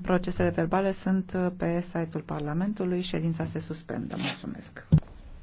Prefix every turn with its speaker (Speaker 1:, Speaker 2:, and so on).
Speaker 1: Procesele verbale sunt uh, pe site-ul Parlamentului. Ședința se suspendă. Mulțumesc.